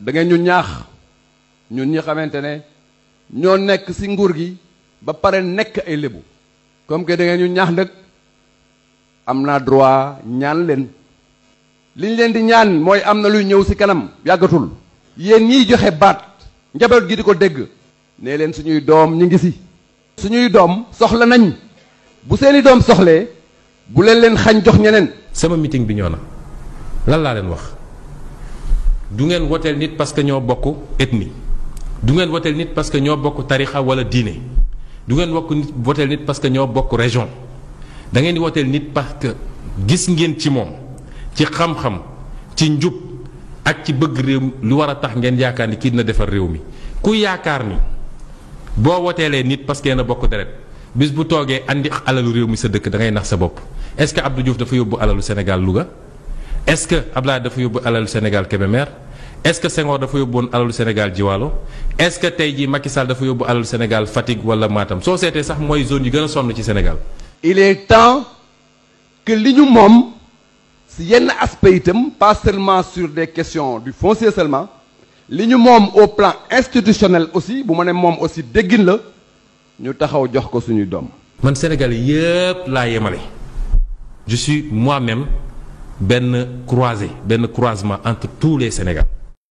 da ngeen ñu ñaax ñun ñi xamantene ne ñoo nekk si nguur gi ba pare nekk ay lebu comme que da ngeen ñu ñaax nak amna droit ñaan leen liñ leen di ñaan moy amna luy ñew si kanam yagatul yeen ñi joxe baat njabal gi diko ko ne leen suñuy dom ñi ngi si suñuy dom soxla nañ bu seeni dom soxlee bu leen leen xañ jox ñeneen sama meeting bi ñona lan la leen wax du ngeen woteel nit parce que ñoo bokk ethnie du ngeen woteel nit parce que ñoo bokk tarixa wala diine du ngeen wokk nit woteel nit parce que ñoo bokk région da ngeen di woteel nit parce que gis ngeen ci moom ci xam-xam ci njub ak ci bëgg réew lu war a tax ngeen yaakaar ni kii dina defar réew mi ku yaakaar ni boo woteelee nit parce que yéen bokk deret bis bu toogee indi alalu réew mi sa dëkk da ngay nax sa bopp est-ce que Abdou Diouf dafa yóbbu alalu Sénégal Louga est-ce que Ablaye dafa yóbbu alal Sénégal Kébémer est-ce que Senghor dafa yóbbuwoon alal Sénégal Jiwalo? est-ce que tey jii Macky Sall dafa Sénégal Fatick wala Matam so seetee sax moy zone yi gëna a sonn ci Sénégal. il est temps que liñu mom moom si yenn aspect itam pas seulement sur des questions du foncier seulement liñu mom au plan institutionnel aussi bu ma mom aussi déggin la ñu taxaw jox ko suñu dom man Sénégal yépp la yémalé je suis moi-même. Ben croisé, ben croisement entre tous les Sénégalais